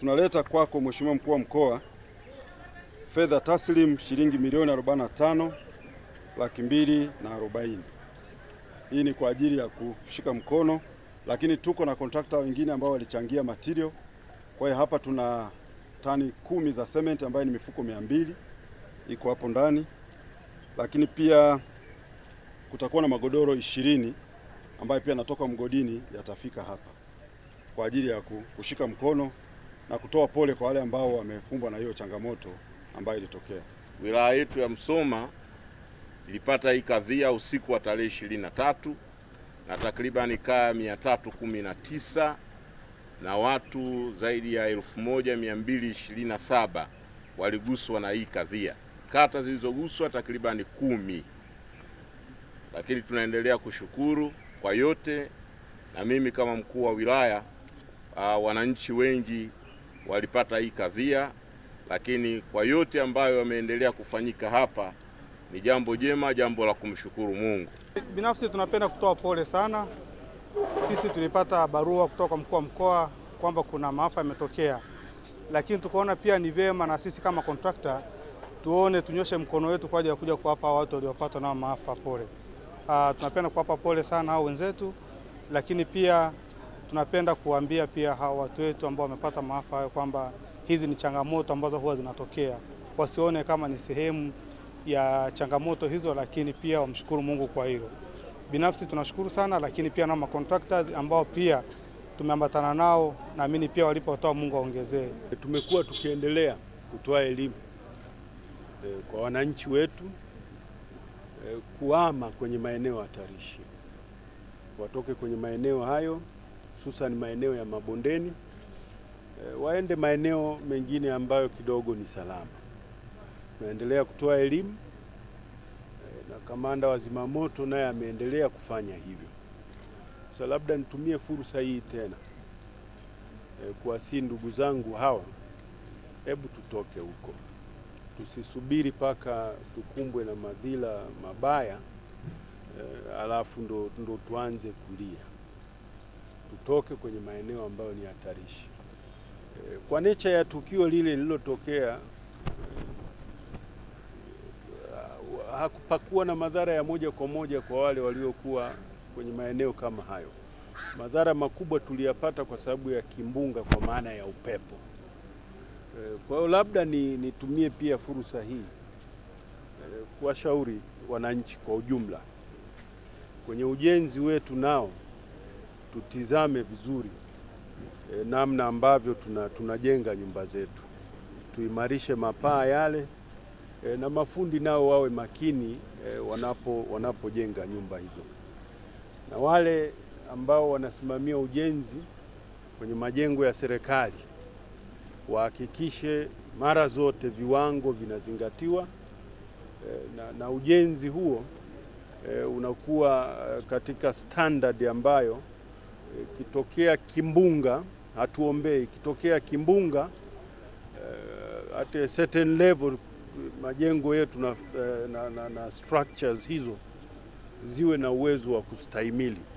tunaleta kwako Mheshimiwa Mkuu wa Mkoa fedha taslim shilingi milioni 45 laki mbili na arobaini. Hii ni kwa ajili ya kushika mkono, lakini tuko na kontrakta wengine ambao walichangia material. Kwa hiyo hapa tuna tani kumi za cement ambayo ni mifuko mia mbili iko hapo ndani, lakini pia kutakuwa na magodoro ishirini ambayo pia yanatoka mgodini yatafika hapa kwa ajili ya kushika mkono na kutoa pole kwa wale ambao wamekumbwa na hiyo changamoto ambayo ilitokea. Wilaya yetu ya Msoma ilipata hii kadhia usiku wa tarehe ishirini na tatu na takribani kaya mia tatu kumi na tisa na watu zaidi ya elfu moja mia mbili ishirini na saba waliguswa na hii kadhia. Kata zilizoguswa takribani kumi, lakini tunaendelea kushukuru kwa yote, na mimi kama mkuu wa wilaya uh, wananchi wengi walipata hii kadhia, lakini kwa yote ambayo yameendelea kufanyika hapa ni jambo jema, jambo la kumshukuru Mungu. Binafsi tunapenda kutoa pole sana. Sisi tulipata barua kutoka kwa mkuu wa mkoa kwamba kuna maafa yametokea, lakini tukaona pia ni vyema na sisi kama kontrakta tuone tunyoshe mkono wetu kwa ajili ya kuja kuwapa watu waliopatwa nao maafa pole. Uh, tunapenda kuwapa pole sana hao wenzetu, lakini pia Tunapenda kuambia pia hawa watu wetu ambao wamepata maafa hayo kwamba hizi ni changamoto ambazo huwa zinatokea, wasione kama ni sehemu ya changamoto hizo, lakini pia wamshukuru Mungu kwa hilo. Binafsi tunashukuru sana, lakini pia na makontrakta ambao pia tumeambatana nao, naamini pia walipotoa, Mungu aongezee. Tumekuwa tukiendelea kutoa elimu e, kwa wananchi wetu e, kuama kwenye maeneo hatarishi, watoke kwenye maeneo hayo hususan maeneo ya mabondeni, eh, waende maeneo mengine ambayo kidogo ni salama. Tunaendelea kutoa elimu eh, na kamanda wa zimamoto naye ameendelea kufanya hivyo. Sasa labda nitumie fursa hii tena eh, kuwasii ndugu zangu hawa, hebu tutoke huko, tusisubiri mpaka tukumbwe na madhila mabaya alafu ndo, ndo tuanze kulia tutoke kwenye maeneo ambayo ni hatarishi. Eh, kwa necha ya tukio lile lililotokea, eh, hakupakuwa na madhara ya moja kwa moja kwa wale waliokuwa kwenye maeneo kama hayo. Madhara makubwa tuliyapata kwa sababu ya kimbunga, kwa maana ya upepo. Eh, kwa hiyo labda ni nitumie pia fursa hii kuwashauri wananchi kwa ujumla kwenye ujenzi wetu nao tutizame vizuri e, namna ambavyo tuna, tunajenga nyumba zetu, tuimarishe mapaa yale e, na mafundi nao wawe makini e, wanapo wanapojenga nyumba hizo, na wale ambao wanasimamia ujenzi kwenye majengo ya serikali wahakikishe mara zote viwango vinazingatiwa e, na, na ujenzi huo e, unakuwa e, katika standard ambayo ikitokea kimbunga, hatuombei, ikitokea kimbunga uh, at a certain level majengo yetu na, eh, na, na, na structures hizo ziwe na uwezo wa kustahimili.